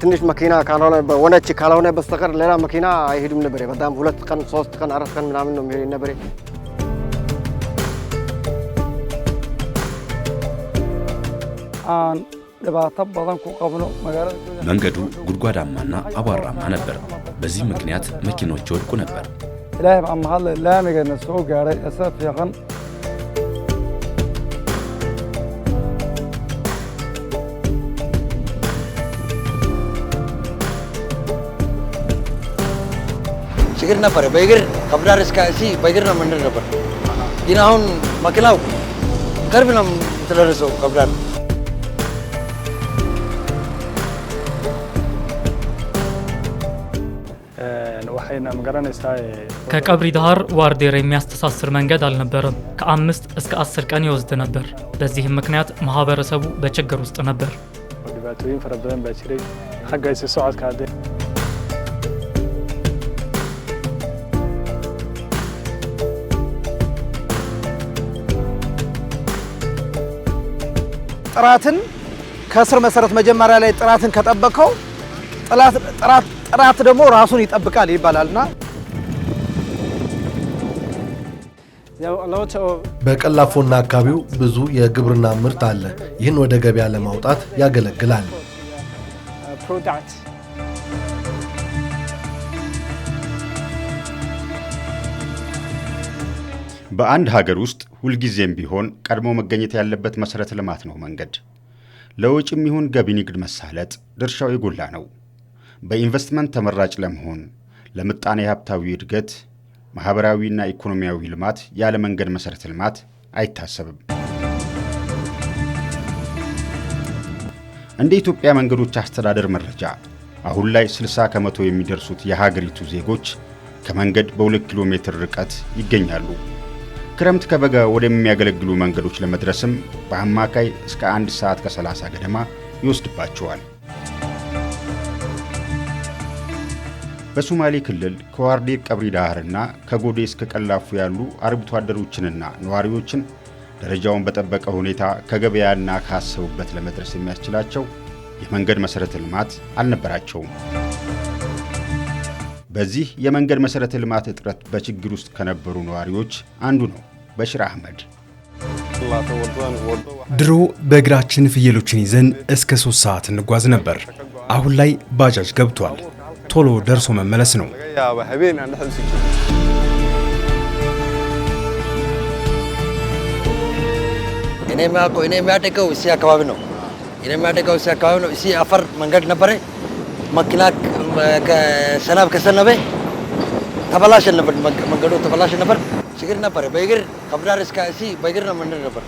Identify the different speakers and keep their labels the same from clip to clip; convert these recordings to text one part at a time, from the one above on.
Speaker 1: ትንሽ መኪና ካልሆነ ወነች ካልሆነ በስተቀር ሌላ መኪና አይሄድም ነበር። በጣም ሁለት ቀን ሶስት ቀን አራት ቀን ምናምን ነው የሚሄድ ነበር።
Speaker 2: መንገዱ ጉድጓዳማና አቧራማ ነበር። በዚህ ምክንያት መኪኖች ይወድቁ ነበር።
Speaker 1: እግር ነበር። በእግር ከብዳር እስከ እዚህ በእግር ነው የምንሄድ ነበር። ግን አሁን መኪናው ቅርብ ነው የተደረሰው ከብዳር
Speaker 3: ከቀብሪ ዳሃር ዋርዴር የሚያስተሳስር መንገድ አልነበረም። ከአምስት እስከ አስር ቀን ይወስድ ነበር። በዚህም ምክንያት ማህበረሰቡ በችግር ውስጥ ነበር።
Speaker 1: ጥራትን ከስር መሰረት መጀመሪያ ላይ ጥራትን ከጠበቀው ጥራት ደግሞ ራሱን ይጠብቃል ይባላልና
Speaker 4: በቀላፎና አካባቢው ብዙ የግብርና ምርት አለ። ይህን ወደ ገበያ ለማውጣት ያገለግላል። በአንድ ሀገር ውስጥ ሁልጊዜም ቢሆን ቀድሞ መገኘት ያለበት መሠረተ ልማት ነው መንገድ። ለውጭም ይሁን ገቢ ንግድ መሳለጥ ድርሻው የጎላ ነው። በኢንቨስትመንት ተመራጭ ለመሆን ለምጣኔ ሀብታዊ እድገት፣ ማኅበራዊና ኢኮኖሚያዊ ልማት ያለ መንገድ መሠረተ ልማት አይታሰብም። እንደ ኢትዮጵያ መንገዶች አስተዳደር መረጃ አሁን ላይ 60 ከመቶ የሚደርሱት የሀገሪቱ ዜጎች ከመንገድ በ2 ኪሎ ሜትር ርቀት ይገኛሉ። ክረምት ከበጋ ወደሚያገለግሉ መንገዶች ለመድረስም በአማካይ እስከ አንድ ሰዓት ከ30 ገደማ ይወስድባቸዋል። በሶማሌ ክልል ከዋርዴ ቀብሪ ዳህርና ከጎዴ እስከ ቀላፉ ያሉ አርብቶ አደሮችንና ነዋሪዎችን ደረጃውን በጠበቀ ሁኔታ ከገበያና ካሰቡበት ለመድረስ የሚያስችላቸው የመንገድ መሠረተ ልማት አልነበራቸውም። በዚህ የመንገድ መሠረተ ልማት እጥረት በችግር ውስጥ ከነበሩ ነዋሪዎች አንዱ ነው በሽር አህመድ። ድሮ በእግራችን ፍየሎችን ይዘን እስከ ሶስት ሰዓት እንጓዝ ነበር። አሁን ላይ ባጃጅ ገብቷል። ቶሎ ደርሶ መመለስ ነው።
Speaker 1: እኔ የሚያደገው እዚህ አካባቢ ነው። እኔ የሚያደገው እዚህ አካባቢ ነው። እዚህ አፈር መንገድ ነበረ መኪና ሰናብ ከሰነበ ተበላሽ ነበር፣ መንገዱ ተበላሸ ነበር። ችግር ነበር። በእግር ከብዳር እስከ እዚህ በእግር ነው የምንሄድ ነበር።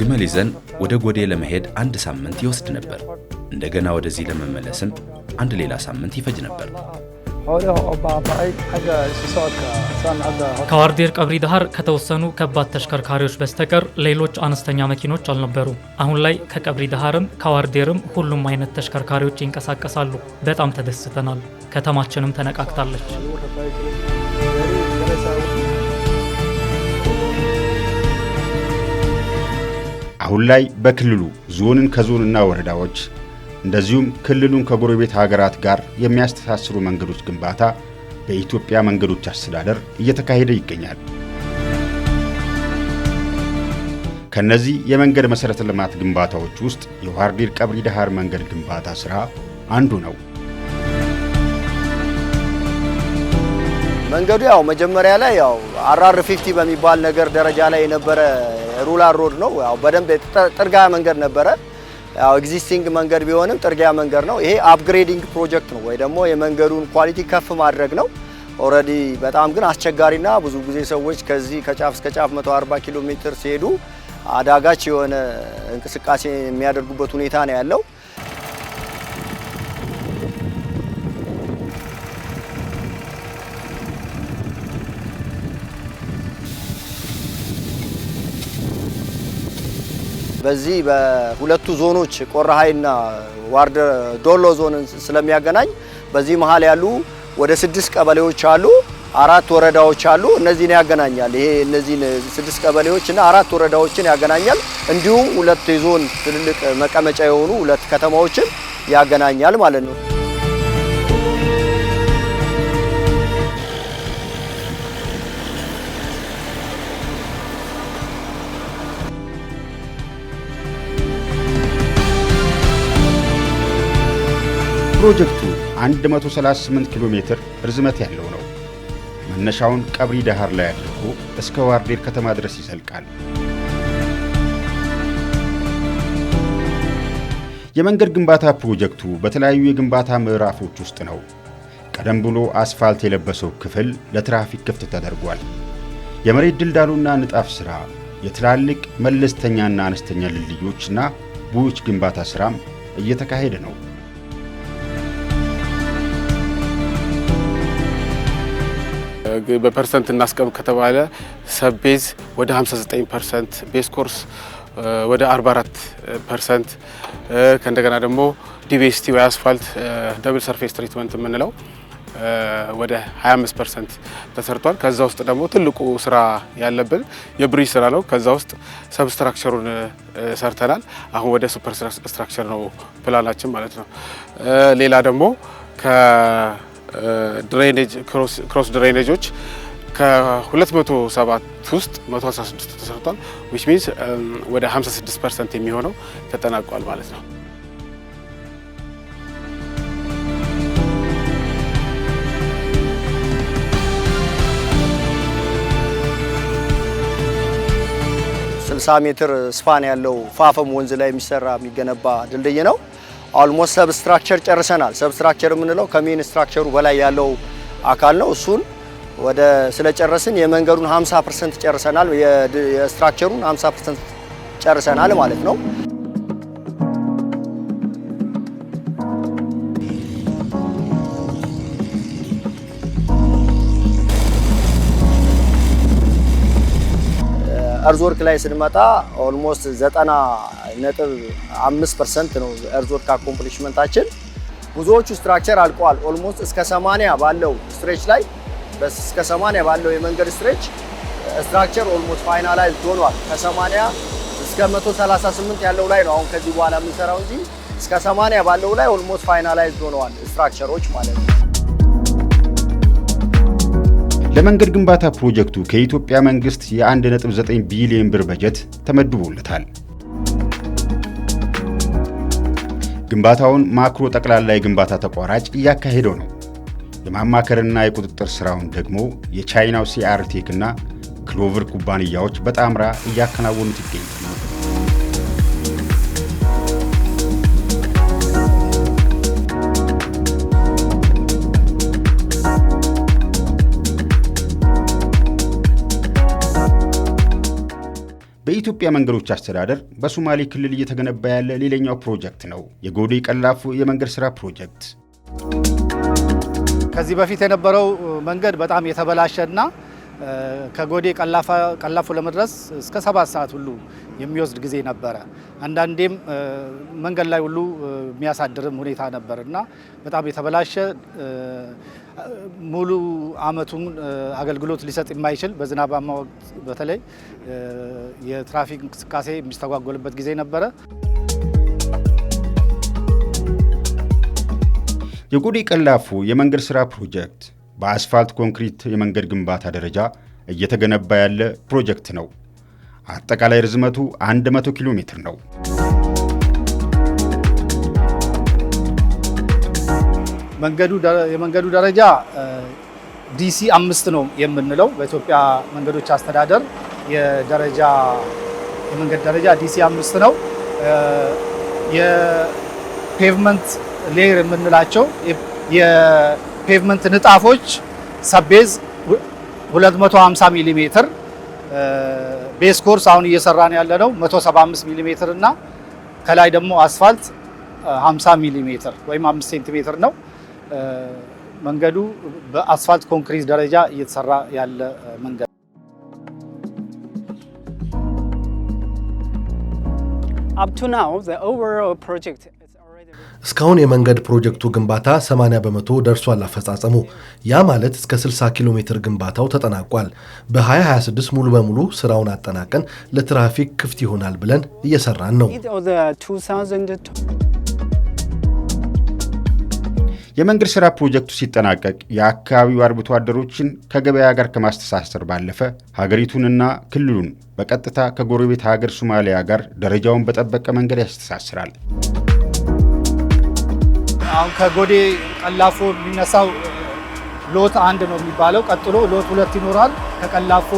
Speaker 2: ግመል ይዘን ወደ ጎዴ ለመሄድ አንድ ሳምንት ይወስድ ነበር። እንደገና ወደዚህ ለመመለስም አንድ ሌላ ሳምንት ይፈጅ ነበር።
Speaker 3: ከዋርዴር ቀብሪ ዳሃር ከተወሰኑ ከባድ ተሽከርካሪዎች በስተቀር ሌሎች አነስተኛ መኪኖች አልነበሩም። አሁን ላይ ከቀብሪ ዳሃርም ከዋርዴርም ሁሉም አይነት ተሽከርካሪዎች ይንቀሳቀሳሉ። በጣም ተደስተናል። ከተማችንም ተነቃቅታለች።
Speaker 4: አሁን ላይ በክልሉ ዞንን ከዞንና ወረዳዎች እንደዚሁም ክልሉን ከጎረቤት ሀገራት ጋር የሚያስተሳስሩ መንገዶች ግንባታ በኢትዮጵያ መንገዶች አስተዳደር እየተካሄደ ይገኛል። ከነዚህ የመንገድ መሠረተ ልማት ግንባታዎች ውስጥ የዋርዲር ቀብሪ ዳሃር መንገድ ግንባታ ሥራ አንዱ ነው።
Speaker 1: መንገዱ ያው መጀመሪያ ላይ ያው አራር ፊፍቲ በሚባል ነገር ደረጃ ላይ የነበረ ሩላር ሮድ ነው። ያው በደንብ ጥርጋ መንገድ ነበረ። ኤግዚስቲንግ መንገድ ቢሆንም ጥርጊያ መንገድ ነው። ይሄ አፕግሬዲንግ ፕሮጀክት ነው ወይ ደግሞ የመንገዱን ኳሊቲ ከፍ ማድረግ ነው። ኦልሬዲ በጣም ግን አስቸጋሪና ብዙ ጊዜ ሰዎች ከዚህ ከጫፍ እስከ ጫፍ 140 ኪሎ ሜትር ሲሄዱ አዳጋች የሆነ እንቅስቃሴ የሚያደርጉበት ሁኔታ ነው ያለው። በዚህ በሁለቱ ዞኖች ቆረሃይና ዋርደ ዶሎ ዞንን ስለሚያገናኝ በዚህ መሀል ያሉ ወደ ስድስት ቀበሌዎች አሉ። አራት ወረዳዎች አሉ። እነዚህን ያገናኛል። ይሄ እነዚህን ስድስት ቀበሌዎች እና አራት ወረዳዎችን ያገናኛል። እንዲሁም ሁለት የዞን ትልልቅ መቀመጫ የሆኑ ሁለት ከተማዎችን ያገናኛል ማለት ነው።
Speaker 4: ፕሮጀክቱ 138 ኪሎ ሜትር ርዝመት ያለው ነው። መነሻውን ቀብሪ ዳሃር ላይ አድርጎ እስከ ዋርዴር ከተማ ድረስ ይዘልቃል። የመንገድ ግንባታ ፕሮጀክቱ በተለያዩ የግንባታ ምዕራፎች ውስጥ ነው። ቀደም ብሎ አስፋልት የለበሰው ክፍል ለትራፊክ ክፍት ተደርጓል። የመሬት ድልዳሉና ንጣፍ ሥራ፣ የትላልቅ መለስተኛና አነስተኛ ድልድዮችና ቡዮች ግንባታ ሥራም እየተካሄደ ነው።
Speaker 5: በፐርሰንት እናስቀም ከተባለ ሰብ ቤዝ ወደ 59 ፐርሰንት፣ ቤዝ ኮርስ ወደ 44 ፐርሰንት ከእንደገና ደግሞ ዲቤስቲ ወይ አስፋልት ደብል ሰርፌስ ትሪትመንት የምንለው ወደ 25 ፐርሰንት ተሰርቷል። ከዛ ውስጥ ደግሞ ትልቁ ስራ ያለብን የብሪጅ ስራ ነው። ከዛ ውስጥ ሰብስትራክቸሩን ሰርተናል። አሁን ወደ ሱፐር ስትራክቸር ነው ፕላናችን ማለት ነው። ሌላ ደግሞ ድሬኔጅ ክሮስ ድሬኔጆች ከ207 ውስጥ 116 ተሰርቷል። ዊች ሚንስ um, ወደ 56 ፐርሰንት የሚሆነው ተጠናቋል ማለት ነው።
Speaker 1: ስልሳ ሜትር ስፋን ያለው ፋፈም ወንዝ ላይ የሚሰራ የሚገነባ ድልድይ ነው። ኦልሞስት ሰብስትራክቸር ጨርሰናል። ሰብስትራክቸር የምንለው ከሜን ስትራክቸሩ በላይ ያለው አካል ነው። እሱን ወደ ስለጨረስን የመንገዱን 50 ፐርሰንት ጨርሰናል። የስትራክቸሩን 50 ፐርሰንት ጨርሰናል ማለት ነው። እርዝወርክ ላይ ስንመጣ ኦልሞስት ዘጠና ነጥብ አምስት ፐርሰንት ነው እርዝወርክ አኮምፕሊሽመንታችን። ብዙዎቹ ስትራክቸር አልቀዋል። ኦልሞስት እስከ 80 ባለው ስትሬች ላይ እስከ 80 ባለው የመንገድ ስትሬች ስትራክቸር ኦልሞስት ፋይናላይዝ ሆኗል። ከ80 እስከ 138 ያለው ላይ ነው አሁን ከዚህ በኋላ የምንሰራው እንጂ እስከ 80 ባለው ላይ ኦልሞስት ፋይናላይዝ ሆነዋል ስትራክቸሮች ማለት ነው።
Speaker 4: ለመንገድ ግንባታ ፕሮጀክቱ ከኢትዮጵያ መንግስት የ1.9 ቢሊዮን ብር በጀት ተመድቦለታል። ግንባታውን ማክሮ ጠቅላላ የግንባታ ተቋራጭ እያካሄደው ነው። የማማከርና የቁጥጥር ሥራውን ደግሞ የቻይናው እና ክሎቨር ኩባንያዎች በጣምራ እያከናወኑት ይገኛል። በኢትዮጵያ መንገዶች አስተዳደር በሶማሌ ክልል እየተገነባ ያለ ሌላኛው ፕሮጀክት ነው፣ የጎዴ ቀላፎ የመንገድ ስራ ፕሮጀክት።
Speaker 1: ከዚህ በፊት የነበረው መንገድ በጣም የተበላሸ እና ከጎዴ ቀላፎ ለመድረስ እስከ ሰባት ሰዓት ሁሉ የሚወስድ ጊዜ ነበረ። አንዳንዴም መንገድ ላይ ሁሉ የሚያሳድርም ሁኔታ ነበር እና በጣም የተበላሸ ሙሉ አመቱን አገልግሎት ሊሰጥ የማይችል በዝናባማ ወቅት በተለይ የትራፊክ እንቅስቃሴ የሚስተጓጎልበት ጊዜ ነበረ።
Speaker 4: የጉዲ ቀላፉ የመንገድ ስራ ፕሮጀክት በአስፋልት ኮንክሪት የመንገድ ግንባታ ደረጃ እየተገነባ ያለ ፕሮጀክት ነው። አጠቃላይ ርዝመቱ 100 ኪሎ ሜትር ነው።
Speaker 1: የመንገዱ ደረጃ ዲሲ አምስት ነው የምንለው። በኢትዮጵያ መንገዶች አስተዳደር የደረጃ የመንገድ ደረጃ ዲሲ አምስት ነው። የፔቭመንት ሌየር የምንላቸው የፔቭመንት ንጣፎች ሰቤዝ 250 ሚሊ ሜትር ቤስ ኮርስ አሁን እየሰራን ያለ ነው 175 ሚሊ ሜትር እና ከላይ ደግሞ አስፋልት 50 ሚሊ ሜትር ወይም 5 ሴንቲሜትር ነው። መንገዱ በአስፋልት ኮንክሪት ደረጃ እየተሰራ ያለ መንገድ
Speaker 4: እስካሁን የመንገድ ፕሮጀክቱ ግንባታ 80 በመቶ ደርሷል አፈጻጸሙ። ያ ማለት እስከ 60 ኪሎ ሜትር ግንባታው ተጠናቋል። በ2026 ሙሉ በሙሉ ስራውን አጠናቀን ለትራፊክ ክፍት ይሆናል ብለን እየሰራን ነው። የመንገድ ስራ ፕሮጀክቱ ሲጠናቀቅ የአካባቢው አርብቶ አደሮችን ከገበያ ጋር ከማስተሳሰር ባለፈ ሀገሪቱንና ክልሉን በቀጥታ ከጎረቤት ሀገር ሶማሊያ ጋር ደረጃውን በጠበቀ መንገድ ያስተሳስራል።
Speaker 1: አሁን ከጎዴ ቀላፎ የሚነሳው ሎት አንድ ነው የሚባለው። ቀጥሎ ሎት ሁለት ይኖራል። ከቀላፎ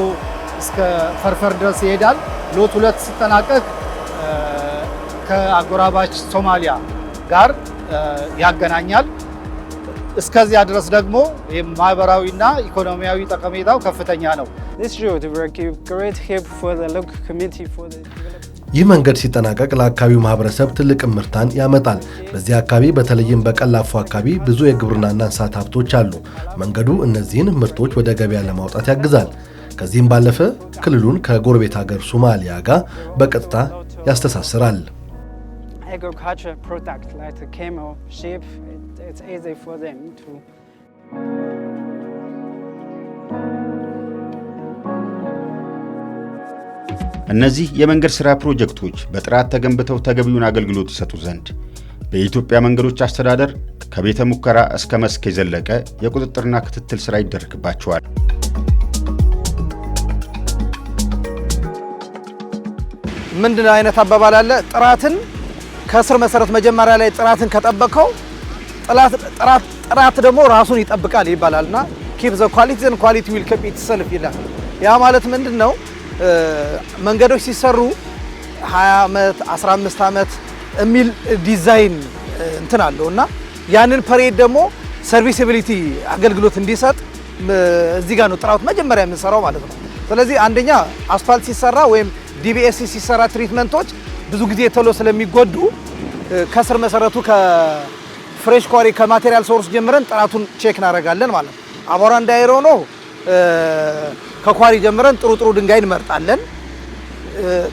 Speaker 1: እስከ ፈርፈር ድረስ ይሄዳል። ሎት ሁለት ሲጠናቀቅ ከአጎራባች ሶማሊያ ጋር ያገናኛል። እስከዚያ ድረስ ደግሞ ማህበራዊና ኢኮኖሚያዊ ጠቀሜታው ከፍተኛ ነው።
Speaker 4: ይህ መንገድ ሲጠናቀቅ ለአካባቢው ማህበረሰብ ትልቅ ምርታን ያመጣል። በዚህ አካባቢ በተለይም በቀላፎ አካባቢ ብዙ የግብርናና እንስሳት ሀብቶች አሉ። መንገዱ እነዚህን ምርቶች ወደ ገበያ ለማውጣት ያግዛል። ከዚህም ባለፈ ክልሉን ከጎረቤት ሀገር ሶማሊያ ጋር በቀጥታ ያስተሳስራል።
Speaker 6: it's easy for them to
Speaker 4: እነዚህ የመንገድ ሥራ ፕሮጀክቶች በጥራት ተገንብተው ተገቢውን አገልግሎት ይሰጡ ዘንድ በኢትዮጵያ መንገዶች አስተዳደር ከቤተ ሙከራ እስከ መስክ የዘለቀ የቁጥጥርና ክትትል ሥራ ይደረግባቸዋል።
Speaker 1: ምንድን አይነት አባባል አለ? ጥራትን ከስር መሰረት መጀመሪያ ላይ ጥራትን ከጠበቀው ጥራት ደግሞ ራሱን ይጠብቃል ይባላል እና ኪፕ ዘ ኳሊቲ ዘን ኳሊቲ ዊል ኪፕ ኢትሰልፍ ይላል። ያ ማለት ምንድን ነው? መንገዶች ሲሰሩ 20 ዓመት 15 ዓመት የሚል ዲዛይን እንትን አለው እና ያንን ፐሬድ ደግሞ ሰርቪስቢሊቲ አገልግሎት እንዲሰጥ እዚህ ጋር ነው ጥራት መጀመሪያ የምንሰራው ማለት ነው። ስለዚህ አንደኛ አስፋልት ሲሰራ ወይም ዲቢኤስ ሲሰራ ትሪትመንቶች ብዙ ጊዜ ቶሎ ስለሚጎዱ ከስር መሰረቱ ፍሬሽ ኳሪ ከማቴሪያል ሶርስ ጀምረን ጥራቱን ቼክ እናደርጋለን ማለት ነው። አቧራ እንዳይረው ነው። ከኳሪ ጀምረን ጥሩ ጥሩ ድንጋይ እንመርጣለን።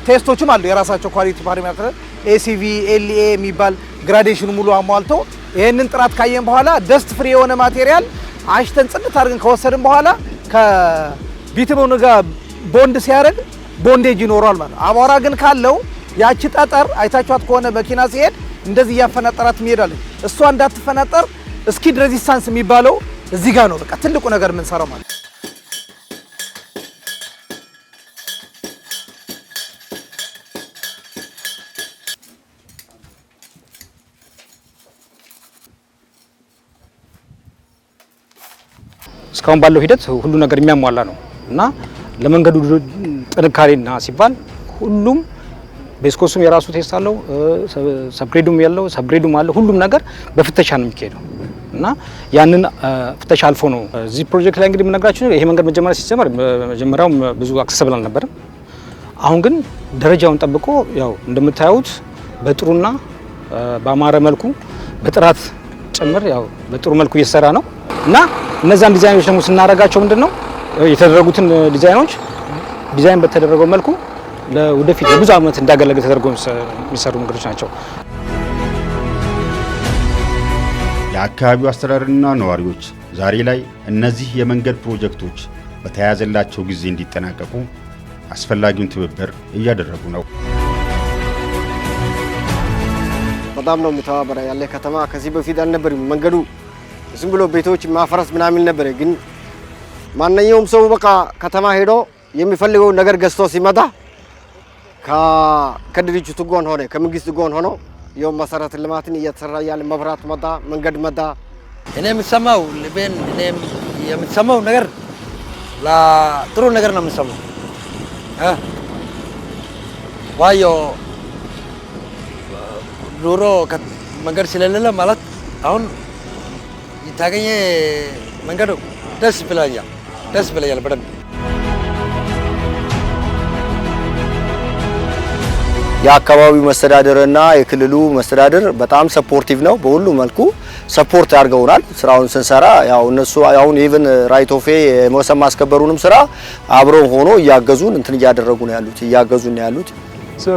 Speaker 1: ቴስቶችም አሉ የራሳቸው ኳሊቲ ፓራሜትር ኤሲቪ፣ ኤልኤ የሚባል ግራዴሽን ሙሉ አሟልቶ ይህንን ጥራት ካየን በኋላ ደስት ፍሪ የሆነ ማቴሪያል አሽተን ጽድት አድርገን ከወሰድን በኋላ ከቢትሞን ጋር ቦንድ ሲያደርግ ቦንዴጅ ይኖረዋል ማለት ነው። አቧራ ግን ካለው ያቺ ጠጠር አይታችኋት ከሆነ መኪና ሲሄድ እንደዚህ እያፈናጠራት ትሄዳለች። እሷ እንዳትፈናጠር እስኪ ድሬዚስታንስ የሚባለው እዚህ ጋር ነው። በቃ ትልቁ ነገር የምንሰራው ማለት እስካሁን ባለው ሂደት ሁሉ ነገር የሚያሟላ ነው እና ለመንገዱ ጥንካሬና ሲባል ሁሉም ቤስኮስም የራሱ ቴስት አለው፣ ሰብግሬዱም ያለው ሰብግሬዱም አለ። ሁሉም ነገር በፍተሻ ነው የሚካሄደው እና ያንን ፍተሻ አልፎ ነው እዚህ ፕሮጀክት ላይ እንግዲህ የምነግራችሁ ይሄ መንገድ መጀመሪያ ሲጀመር መጀመሪያውም ብዙ አክሰሰብል አልነበርም። አሁን ግን ደረጃውን ጠብቆ ያው እንደምታዩት በጥሩና በአማረ መልኩ በጥራት ጭምር ያው በጥሩ መልኩ እየተሰራ ነው እና እነዛን ዲዛይኖች ደግሞ ስናደርጋቸው ምንድን ነው የተደረጉትን ዲዛይኖች ዲዛይን በተደረገው መልኩ ለወደፊት ለብዙ ዓመት እንዳገለግል ተደርጎ የሚሰሩ መንገዶች ናቸው።
Speaker 4: የአካባቢው አስተዳደርና ነዋሪዎች ዛሬ ላይ እነዚህ የመንገድ ፕሮጀክቶች በተያያዘላቸው ጊዜ እንዲጠናቀቁ አስፈላጊውን ትብብር እያደረጉ ነው።
Speaker 1: በጣም ነው የሚተባበረ ያለ ከተማ ከዚህ በፊት አልነበርም። መንገዱ ዝም ብሎ ቤቶች ማፈረስ ምናምን ነበረ። ግን ማንኛውም ሰው በቃ ከተማ ሄዶ የሚፈልገውን ነገር ገዝቶ ሲመጣ ከድርጅቱ ጎን ሆነ ከመንግስት ጎን ሆኖ የው መሰረተ ልማትን እየተሰራ ያለ መብራት መጣ፣ መንገድ መጣ። እኔ የምሰማው ልቤን እኔ የምሰማው ነገር ጥሩ ነገር ነው የምሰማው። ዋዮ ዱሮ መንገድ ስለሌለ ማለት አሁን የታገኘ መንገድ ደስ ብለኛል፣ ደስ ብለኛል በደንብ የአካባቢው መስተዳደርና የክልሉ መስተዳደር በጣም ሰፖርቲቭ ነው። በሁሉ መልኩ ሰፖርት አድርገውናል። ስራውን ስንሰራ ያው እነሱ አሁን ኢቨን ራይት ኦፌ ዌይ ማስከበሩንም ስራ አብረው ሆኖ እያገዙን እንትን እያደረጉ ነው ያሉት እያገዙን ነው ያሉት። Ah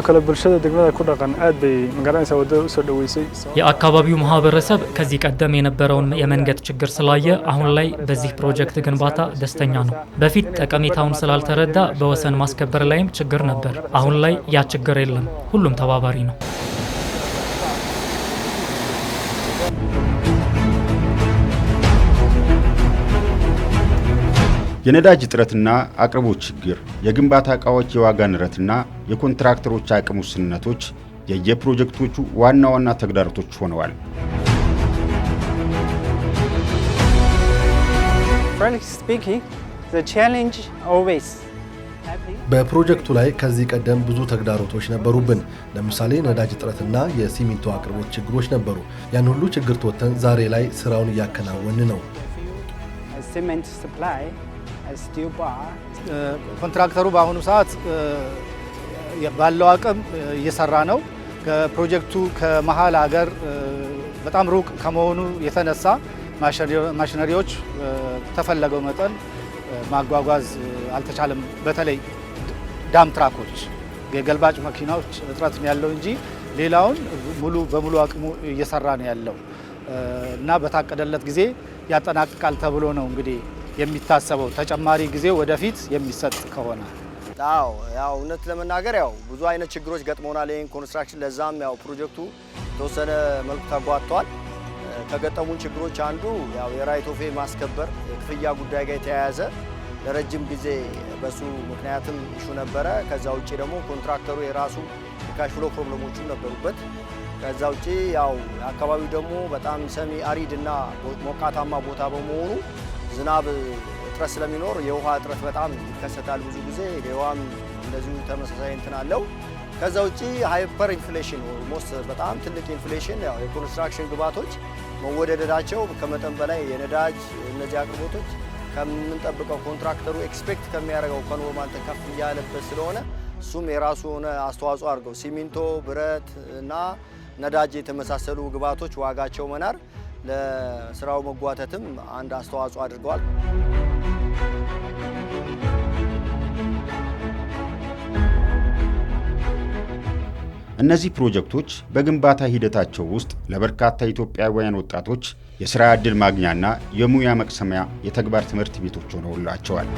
Speaker 3: የአካባቢው ማህበረሰብ ከዚህ ቀደም የነበረውን የመንገድ ችግር ስላየ አሁን ላይ በዚህ ፕሮጀክት ግንባታ ደስተኛ ነው። በፊት ጠቀሜታውን ስላልተረዳ በወሰን ማስከበር ላይም ችግር ነበር። አሁን ላይ ያ ችግር የለም። ሁሉም ተባባሪ ነው።
Speaker 4: የነዳጅ እጥረትና አቅርቦት ችግር፣ የግንባታ ዕቃዎች የዋጋ ንረትና የኮንትራክተሮች አቅም ውስንነቶች የየፕሮጀክቶቹ ዋና ዋና ተግዳሮቶች ሆነዋል። በፕሮጀክቱ ላይ ከዚህ ቀደም ብዙ ተግዳሮቶች ነበሩብን። ለምሳሌ ነዳጅ እጥረትና የሲሚንቶ አቅርቦት ችግሮች ነበሩ። ያን ሁሉ ችግር ተወጥተን ዛሬ ላይ ስራውን እያከናወን ነው።
Speaker 1: ኮንትራክተሩ በአሁኑ ሰዓት ባለው አቅም እየሰራ ነው። ከፕሮጀክቱ ከመሀል ሀገር በጣም ሩቅ ከመሆኑ የተነሳ ማሽነሪዎች ተፈለገው መጠን ማጓጓዝ አልተቻለም። በተለይ ዳም ትራኮች፣ የገልባጭ መኪናዎች እጥረት ነው ያለው እንጂ ሌላውን ሙሉ በሙሉ አቅሙ እየሰራ ነው ያለው እና በታቀደለት ጊዜ ያጠናቅቃል ተብሎ ነው እንግዲህ የሚታሰበው ተጨማሪ ጊዜ ወደፊት የሚሰጥ ከሆነ። አዎ ያው እውነት ለመናገር ያው ብዙ አይነት ችግሮች ገጥሞናል ይህን ኮንስትራክሽን። ለዛም ያው ፕሮጀክቱ የተወሰነ መልኩ ተጓቷል። ከገጠሙን ችግሮች አንዱ ያው የራይት ኦፍ ዌይ ማስከበር የክፍያ ጉዳይ ጋር የተያያዘ ለረጅም ጊዜ በሱ ምክንያትም ይሹ ነበረ። ከዛ ውጭ ደግሞ ኮንትራክተሩ የራሱ የካሽፍሎ ፕሮብለሞቹም ነበሩበት። ከዛ ውጭ ያው አካባቢው ደግሞ በጣም ሰሚ አሪድ እና ሞቃታማ ቦታ በመሆኑ ዝናብ እጥረት ስለሚኖር የውሃ እጥረት በጣም ይከሰታል። ብዙ ጊዜ የውሃም እንደዚሁ ተመሳሳይ እንትን አለው። ከዛ ውጪ ሃይፐር ኢንፍሌሽን ኦልሞስት በጣም ትልቅ ኢንፍሌሽን፣ ያው የኮንስትራክሽን ግብዓቶች መወደደዳቸው ከመጠን በላይ የነዳጅ እነዚህ አቅርቦቶች ከምንጠብቀው ኮንትራክተሩ ኤክስፔክት ከሚያደርገው ከኖርማል ከፍ እያለበት ስለሆነ እሱም የራሱ የሆነ አስተዋጽኦ አድርገው ሲሚንቶ፣ ብረት እና ነዳጅ የተመሳሰሉ ግብዓቶች ዋጋቸው መናር ለስራው መጓተትም አንድ አስተዋጽኦ አድርገዋል።
Speaker 4: እነዚህ ፕሮጀክቶች በግንባታ ሂደታቸው ውስጥ ለበርካታ ኢትዮጵያውያን ወጣቶች የሥራ ዕድል ማግኛና የሙያ መቅሰሚያ የተግባር ትምህርት ቤቶች ሆነውላቸዋል።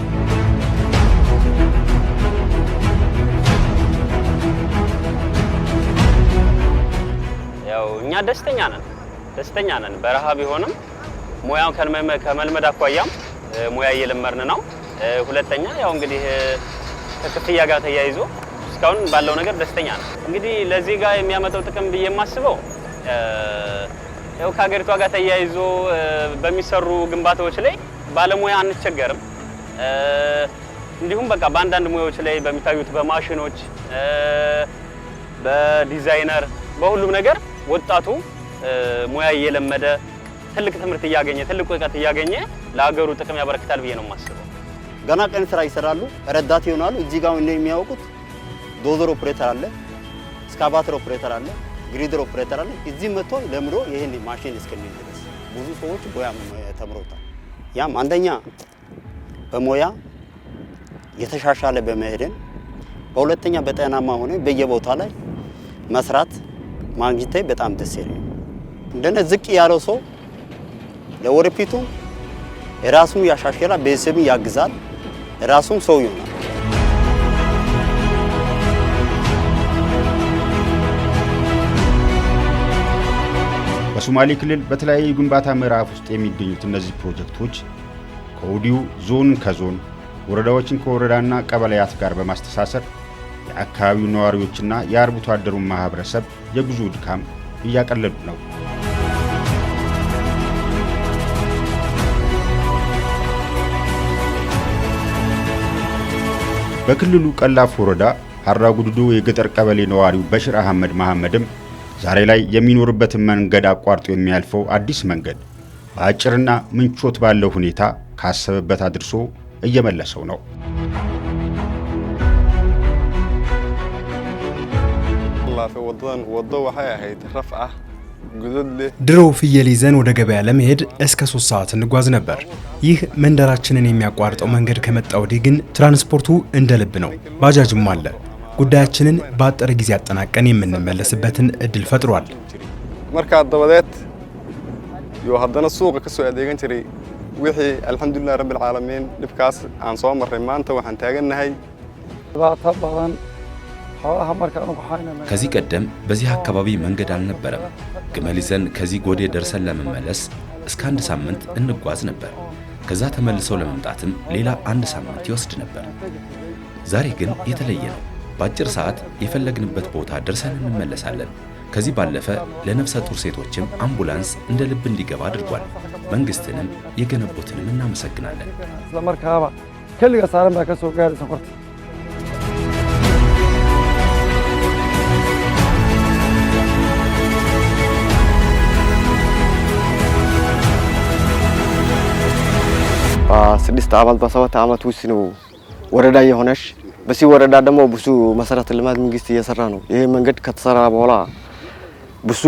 Speaker 7: ያው እኛ ደስተኛ ነን። ደስተኛ ነን። በረሃ ቢሆንም ሙያውን ከመልመድ አኳያም ሙያ እየለመርን ነው። ሁለተኛ ያው እንግዲህ ከክፍያ ጋር ተያይዞ እስካሁን ባለው ነገር ደስተኛ ነው። እንግዲህ ለዚህ ጋር የሚያመጣው ጥቅም ብዬ የማስበው ያው ከሀገሪቷ ጋር ተያይዞ በሚሰሩ ግንባታዎች ላይ ባለሙያ አንቸገርም። እንዲሁም በቃ በአንዳንድ ሙያዎች ላይ በሚታዩት በማሽኖች፣ በዲዛይነር፣ በሁሉም ነገር ወጣቱ ሙያ እየለመደ ትልቅ ትምህርት እያገኘ ትልቅ እውቀት እያገኘ ለሀገሩ ጥቅም ያበረክታል ብዬ ነው የማስበው።
Speaker 1: ገና ቀን ስራ ይሰራሉ፣ ረዳት ይሆናሉ። እዚህ ጋር እንደሚያውቁት ዶዘር ኦፕሬተር አለ፣ ስካቫተር ኦፕሬተር አለ፣ ግሪደር ኦፕሬተር አለ። እዚህ መጥቶ ለምዶ ይህን ማሽን እስከሚል ብዙ ሰዎች ሙያ ተምረውታል። ያም አንደኛ በሙያ የተሻሻለ በመሄድን በሁለተኛ በጤናማ ሆነ በየቦታ ላይ መስራት ማግኘቴ በጣም ደስ ይለኛል። እንደነ ዝቅ ያለው ሰው ለወደፊቱ ራሱን ያሻሽላል፣ ቤተሰብን ያግዛል፣ ራሱን ሰው ይሆናል።
Speaker 4: በሶማሌ ክልል በተለያዩ ግንባታ ምዕራፍ ውስጥ የሚገኙት እነዚህ ፕሮጀክቶች ከወዲሁ ዞን ከዞን ወረዳዎችን ከወረዳና ቀበሌያት ጋር በማስተሳሰር የአካባቢው ነዋሪዎችና የአርብቶ አደሩን ማህበረሰብ የጉዞ ድካም እያቀለሉ ነው። በክልሉ ቀላፍ ወረዳ ሀራ ጉድዱ የገጠር ቀበሌ ነዋሪው በሽር አህመድ መሐመድም ዛሬ ላይ የሚኖርበትን መንገድ አቋርጦ የሚያልፈው አዲስ መንገድ በአጭርና ምንቾት ባለው ሁኔታ ካሰበበት አድርሶ እየመለሰው ነው።
Speaker 3: ወደን ወዶ ድሮ ፍየል ይዘን ወደ ገበያ ለመሄድ እስከ ሶስት ሰዓት እንጓዝ ነበር። ይህ መንደራችንን የሚያቋርጠው መንገድ ከመጣ ወዲህ ግን ትራንስፖርቱ እንደ ልብ ነው። ባጃጅም አለ። ጉዳያችንን በአጠረ ጊዜ አጠናቀን የምንመለስበትን እድል ፈጥሯል።
Speaker 8: መርካ ሀደነ ሱቅ ከሶ አደገን አልሐምዱሊላህ አንሶ መሬ ማንተ ባታ
Speaker 4: ከዚህ ቀደም በዚህ አካባቢ መንገድ አልነበረም። ግመል ይዘን ከዚህ ጎዴ ደርሰን ለመመለስ እስከ አንድ ሳምንት እንጓዝ ነበር። ከዛ ተመልሰው ለመምጣትም ሌላ አንድ ሳምንት ይወስድ ነበር። ዛሬ ግን የተለየ ነው። በአጭር ሰዓት የፈለግንበት ቦታ ደርሰን እንመለሳለን። ከዚህ ባለፈ ለነፍሰ ጡር ሴቶችም አምቡላንስ እንደ ልብ እንዲገባ አድርጓል። መንግስትንም የገነቡትንም እናመሰግናለን።
Speaker 1: ስድስት አባል በሰባት ዓመት ውስጥ ነው ወረዳ የሆነች። በሲ ወረዳ ደግሞ ብዙ መሰረተ ልማት መንግስት እየሰራ ነው። ይህ መንገድ ከተሰራ በኋላ ብዙ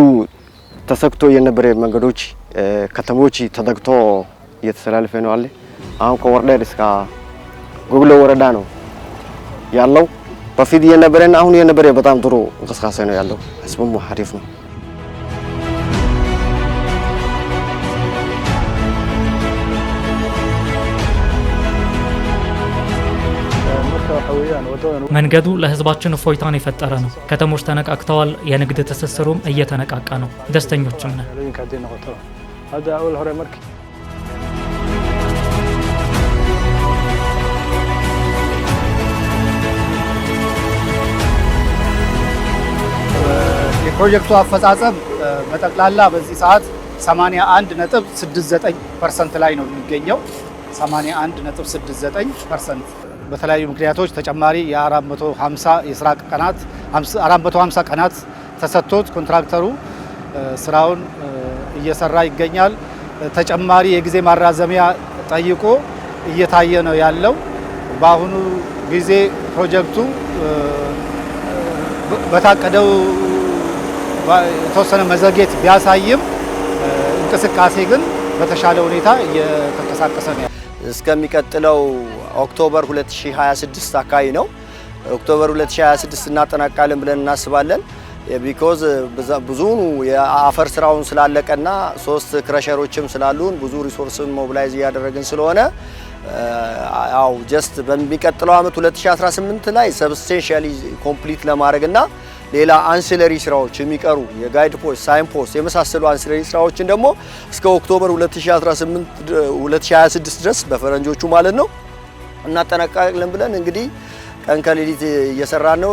Speaker 1: ተሰክቶ የነበረ መንገዶች ከተሞች ተዘግቶ እየተሰላለፈ ነው አለ። አሁን ከወረዳ እስከ ጎግሎ ወረዳ ነው ያለው። በፊት የነበረና አሁን የነበረ በጣም ጥሩ እንቅስቃሴ ነው ያለው። ህዝቡም ሀሪፍ ነው።
Speaker 3: መንገዱ ለህዝባችን እፎይታን የፈጠረ ነው። ከተሞች ተነቃቅተዋል። የንግድ ትስስሩም እየተነቃቃ ነው። ደስተኞችም ነን።
Speaker 1: የፕሮጀክቱ አፈጻጸም በጠቅላላ በዚህ ሰዓት 81.69 ፐርሰንት ላይ ነው የሚገኘው። 81.69 ፐርሰንት በተለያዩ ምክንያቶች ተጨማሪ የ450 የስራ ቀናት 450 ቀናት ተሰጥቶት ኮንትራክተሩ ስራውን እየሰራ ይገኛል። ተጨማሪ የጊዜ ማራዘሚያ ጠይቆ እየታየ ነው ያለው። በአሁኑ ጊዜ ፕሮጀክቱ በታቀደው የተወሰነ መዘግየት ቢያሳይም እንቅስቃሴ ግን በተሻለ ሁኔታ እየተንቀሳቀሰ ነው። እስከሚቀጥለው ኦክቶበር 2026 አካባቢ ነው። ኦክቶበር 2026 እናጠናቃለን ብለን እናስባለን። ቢኮዝ ብዙኑ የአፈር ስራውን ስላለቀና ሶስት ክረሸሮችም ስላሉን ብዙ ሪሶርስን ሞቢላይዝ እያደረግን ስለሆነ ያው ጀስት በሚቀጥለው ዓመት 2018 ላይ ሰብስቴንሻሊ ኮምፕሊት ለማድረግና ሌላ አንስለሪ ስራዎች የሚቀሩ የጋይድ ፖስት፣ ሳይን ፖስት የመሳሰሉ አንስለሪ ስራዎችን ደግሞ እስከ ኦክቶበር 2018 2026 ድረስ በፈረንጆቹ ማለት ነው እናጠናቀቃለን ብለን እንግዲህ ቀን ከሌሊት እየሰራን ነው።